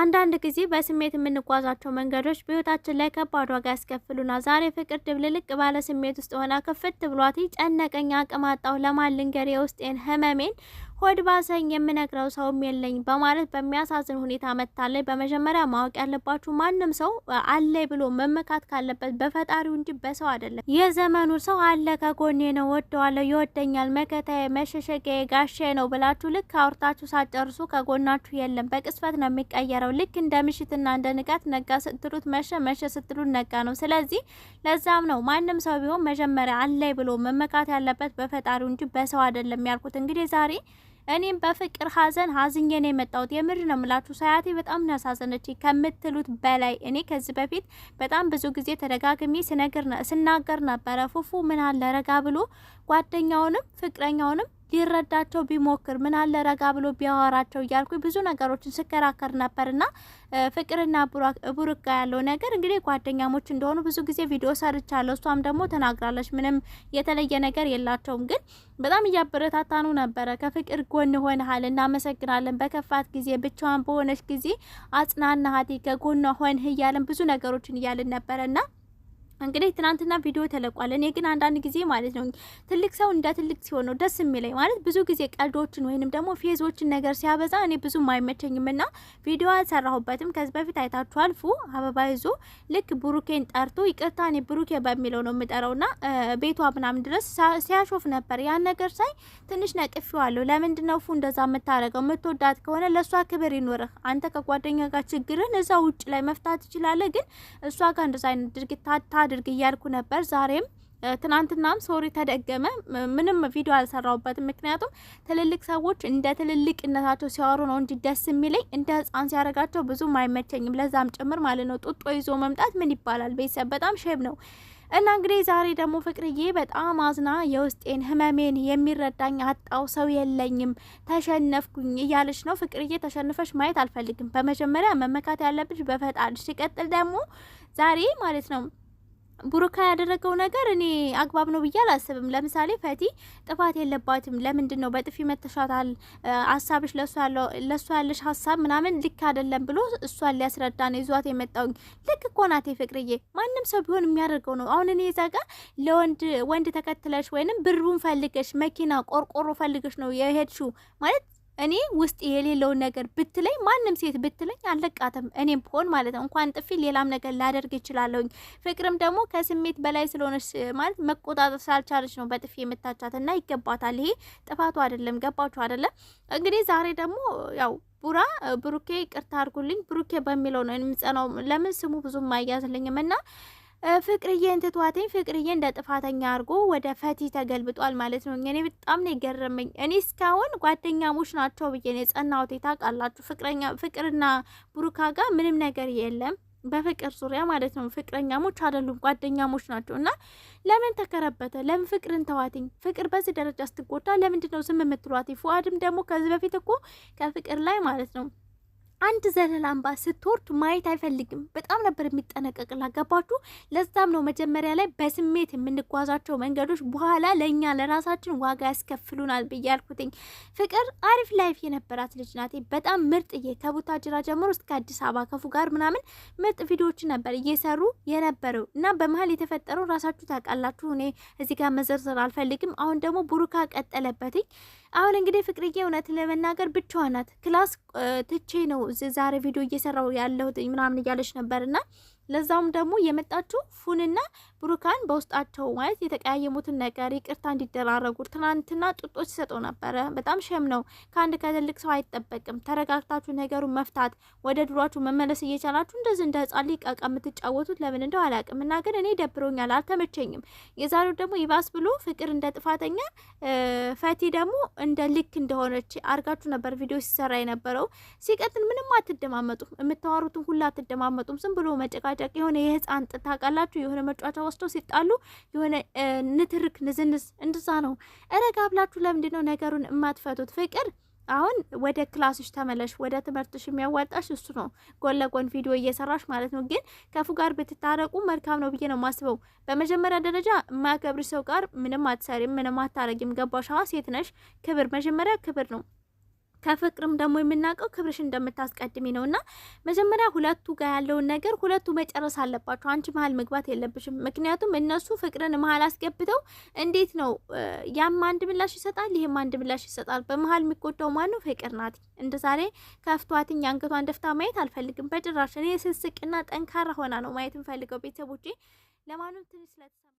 አንዳንድ ጊዜ በስሜት የምንጓዛቸው መንገዶች በህይወታችን ላይ ከባድ ዋጋ ያስከፍሉና ዛሬ ፍቅር ድብልልቅ ባለ ስሜት ውስጥ ሆና ክፍት ብሏት ጨነቀኝ፣ አቅም አጣሁ፣ ለማን ልንገር የውስጤን ህመሜን ሆድ ባሰኝ የምነግረው ሰውም የለኝ በማለት በሚያሳዝን ሁኔታ መታለች። በመጀመሪያ ማወቅ ያለባችሁ ማንም ሰው አለ ብሎ መመካት ካለበት በፈጣሪው እንጂ በሰው አይደለም። የዘመኑ ሰው አለ ከጎኔ ነው፣ ወደዋለሁ፣ ይወደኛል፣ መከታዬ፣ መሸሸጊያዬ፣ ጋሻዬ ነው ብላችሁ ልክ አውርታችሁ ሳጨርሱ ከጎናችሁ የለም። በቅስፈት ነው የሚቀየረው። ልክ እንደ ምሽትና እንደ ንጋት፣ ነጋ ስትሉት መሸ፣ መሸ ስትሉት ነጋ ነው። ስለዚህ ለዛም ነው ማንም ሰው ቢሆን መጀመሪያ አለ ብሎ መመካት ያለበት በፈጣሪው እንጂ በሰው አይደለም ያልኩት። እንግዲህ ዛሬ እኔም በፍቅር ሀዘን ሀዝኜ ነው የመጣሁት። የምር ነው የምላችሁ ሳያቴ በጣም ነው ከምትሉት በላይ። እኔ ከዚህ በፊት በጣም ብዙ ጊዜ ተደጋግሜ ስናገር ነበረ ፉፉ ምን አለ ረጋ ብሎ ጓደኛውንም ፍቅረኛውንም ሊረዳቸው ቢሞክር ምን አለ ረጋ ብሎ ቢያወራቸው እያልኩ ብዙ ነገሮችን ስከራከር ነበርና ፍቅርና ቡሩክ ጋር ያለው ነገር እንግዲህ ጓደኛሞች እንደሆኑ ብዙ ጊዜ ቪዲዮ ሰርቻለሁ። እሷም ደግሞ ተናግራለች። ምንም የተለየ ነገር የላቸውም። ግን በጣም እያበረታታኑ ነበረ። ከፍቅር ጎን ሆንሃል፣ እናመሰግናለን። በከፋት ጊዜ ብቻዋን በሆነች ጊዜ አጽናናሃት፣ ከጎኗ ሆንህ እያለን ብዙ ነገሮችን እያልን ነበረና እንግዲህ ትናንትና ቪዲዮ ተለቋል። እኔ ግን አንዳንድ ጊዜ ማለት ነው ትልቅ ሰው እንደ ትልቅ ሲሆን ነው ደስ የሚለኝ። ማለት ብዙ ጊዜ ቀልዶችን ወይንም ደግሞ ፌዞችን ነገር ሲያበዛ እኔ ብዙም አይመቸኝም እና ቪዲዮ አልሰራሁበትም። ከዚህ በፊት አይታችሁ አልፉ አበባ ይዞ ልክ ብሩኬን ጠርቶ ይቅርታ፣ እኔ ብሩኬ በሚለው ነው የምጠራው ና ቤቷ ምናምን ድረስ ሲያሾፍ ነበር። ያን ነገር ሳይ ትንሽ ነቅፌዋለሁ። ለምንድን ነው ፉ እንደዛ የምታደርገው? የምትወዳት ከሆነ ለእሷ ክብር ይኖርህ። አንተ ከጓደኛ ጋር ችግርን እዛ ውጭ ላይ መፍታት ትችላለህ፣ ግን እሷ ጋር እንደዛ አይነት ድርጊት አድርግ እያልኩ ነበር ዛሬም ትናንትናም ሶሪ ተደገመ። ምንም ቪዲዮ አልሰራሁበትም፣ ምክንያቱም ትልልቅ ሰዎች እንደ ትልልቅነታቸው ሲያወሩ ነው እንጂ ደስ የሚለኝ እንደ ሕፃን ሲያደርጋቸው ብዙም አይመቸኝም። ለዛም ጭምር ማለት ነው። ጡጦ ይዞ መምጣት ምን ይባላል? ቤተሰብ በጣም ሼብ ነው። እና እንግዲህ ዛሬ ደግሞ ፍቅርዬ በጣም አዝና የውስጤን ህመሜን የሚረዳኝ አጣው ሰው የለኝም ተሸነፍኩኝ እያለች ነው። ፍቅርዬ ተሸንፈሽ ማየት አልፈልግም። በመጀመሪያ መመካት ያለብሽ በፈጣሪሽ፣ ሲቀጥል ደግሞ ዛሬ ማለት ነው ቡሩካ ያደረገው ነገር እኔ አግባብ ነው ብዬ አላስብም። ለምሳሌ ፈቲ ጥፋት የለባትም። ለምንድን ነው በጥፊ መተሻታል? ሀሳብሽ ለእሷ ያለሽ ሀሳብ ምናምን ልክ አይደለም ብሎ እሷን ሊያስረዳ ነው ይዟት የመጣው። ልክ እኮ ናቴ ፍቅርዬ፣ ማንም ሰው ቢሆን የሚያደርገው ነው። አሁን እኔ እዛ ጋር ለወንድ ወንድ ተከትለሽ ወይንም ብሩን ፈልገሽ መኪና ቆርቆሮ ፈልገሽ ነው የሄድሽው ማለት እኔ ውስጥ የሌለውን ነገር ብትለኝ ማንም ሴት ብትለኝ አልለቃትም። እኔም ሆን ማለት ነው እንኳን ጥፊ ሌላም ነገር ላደርግ እችላለሁኝ። ፍቅርም ደግሞ ከስሜት በላይ ስለሆነች ማለት መቆጣጠር ስላልቻለች ነው በጥፊ የምታቻት እና ይገባታል። ይሄ ጥፋቱ አይደለም። ገባችሁ አይደለም? እንግዲህ ዛሬ ደግሞ ያው ቡራ ብሩኬ ቅርታ አድርጉልኝ ብሩኬ በሚለው ነው የምጸናው። ለምን ስሙ ብዙም አያዝልኝም እና ፍቅርዬን ትቷትኝ ፍቅርዬ እንደ ጥፋተኛ አድርጎ ወደ ፈቲ ተገልብጧል ማለት ነው። እኔ በጣም ነው የገረመኝ። እኔ እስካሁን ጓደኛሞች ናቸው ብዬ ነው የጸናሁት። ታውቃላችሁ ፍቅረኛ ፍቅርና ቡሩካ ጋር ምንም ነገር የለም በፍቅር ዙሪያ ማለት ነው። ፍቅረኛሞች አይደሉም፣ ጓደኛሞች ናቸው። እና ለምን ተከረበተ? ለምን ፍቅርን ተዋትኝ? ፍቅር በዚህ ደረጃ ስትጎዳ ለምንድን ነው ዝም የምትሏት? ፉአድም ደግሞ ከዚህ በፊት እኮ ከፍቅር ላይ ማለት ነው አንድ ዘለል አምባ ስትወርድ ማየት አይፈልግም። በጣም ነበር የሚጠነቀቅ ላገባችሁ። ለዛም ነው መጀመሪያ ላይ በስሜት የምንጓዛቸው መንገዶች በኋላ ለእኛ ለራሳችን ዋጋ ያስከፍሉናል ብያልኩትኝ። ያልኩትኝ። ፍቅር አሪፍ ላይፍ የነበራት ልጅ ናት። በጣም ምርጥዬ ከቡታጅራ ጀምሮ እስከ አዲስ አበባ ከፉ ጋር ምናምን ምርጥ ቪዲዮዎችን ነበር እየሰሩ የነበረው እና በመሀል የተፈጠረው ራሳችሁ ታውቃላችሁ። እኔ እዚህ ጋር መዘርዘር አልፈልግም። አሁን ደግሞ ቡሩካ ቀጠለበትኝ። አሁን እንግዲህ ፍቅርዬ እውነት ለመናገር ብቻዋ ናት። ክላስ ትቼ ነው ዛሬ ቪዲዮ እየሰራው ያለሁት ምናምን እያለች ነበርና ለዛውም ደግሞ የመጣችው ፉንና ብሩካን በውስጣቸው ማለት የተቀያየሙትን ነገር ይቅርታ እንዲደራረጉ ትናንትና ጡጦች ሰጠው ነበረ። በጣም ሸም ነው። ከአንድ ከትልቅ ሰው አይጠበቅም። ተረጋግታችሁ ነገሩን መፍታት ወደ ድሯችሁ መመለስ እየቻላችሁ እንደዚህ እንደ ሕጻን ሊቃቃ የምትጫወቱት ለምን እንደው አላውቅም። እና ግን እኔ ደብሮኛል፣ አልተመቸኝም። የዛሬው ደግሞ ይባስ ብሎ ፍቅር እንደ ጥፋተኛ ፈቲ ደግሞ እንደ ልክ እንደሆነች አርጋችሁ ነበር ቪዲዮ ሲሰራ የነበረው። ሲቀጥል ምንም አትደማመጡም። የምታወሩትን ሁላ አትደማመጡም። ዝም ብሎ መጨቃ መጨቃጨቅ የሆነ የህፃን ጥታ ቃላችሁ የሆነ መጫወቻ ወስዶ ሲጣሉ የሆነ ንትርክ ንዝንዝ እንድዛ ነው። እረጋ ብላችሁ ለምንድን ነው ነገሩን የማትፈቱት? ፍቅር አሁን ወደ ክላስሽ ተመለሽ። ወደ ትምህርትሽ የሚያዋጣሽ እሱ ነው፣ ጎን ለጎን ቪዲዮ እየሰራሽ ማለት ነው። ግን ከፉ ጋር ብትታረቁ መልካም ነው ብዬ ነው ማስበው። በመጀመሪያ ደረጃ የማያከብርሽ ሰው ጋር ምንም አትሰሪም፣ ምንም አታረጊም። ገባሽ? ሴት ነሽ። ክብር መጀመሪያ ክብር ነው። ከፍቅርም ደግሞ የምናውቀው ክብርሽ እንደምታስቀድሚ ነው እና መጀመሪያ ሁለቱ ጋር ያለውን ነገር ሁለቱ መጨረስ አለባቸው። አንቺ መሀል መግባት የለብሽም። ምክንያቱም እነሱ ፍቅርን መሀል አስገብተው እንዴት ነው ያም አንድ ምላሽ ይሰጣል፣ ይህም አንድ ምላሽ ይሰጣል። በመሀል የሚጎዳው ማነው? ፍቅር ናት። እንደ ዛሬ ከፍቷትኝ አንገቷን ደፍታ ማየት አልፈልግም በጭራሽ። እኔ ስስቅና ጠንካራ ሆና ነው ማየት የምፈልገው። ቤተሰቦቼ ለማንም ትንሽ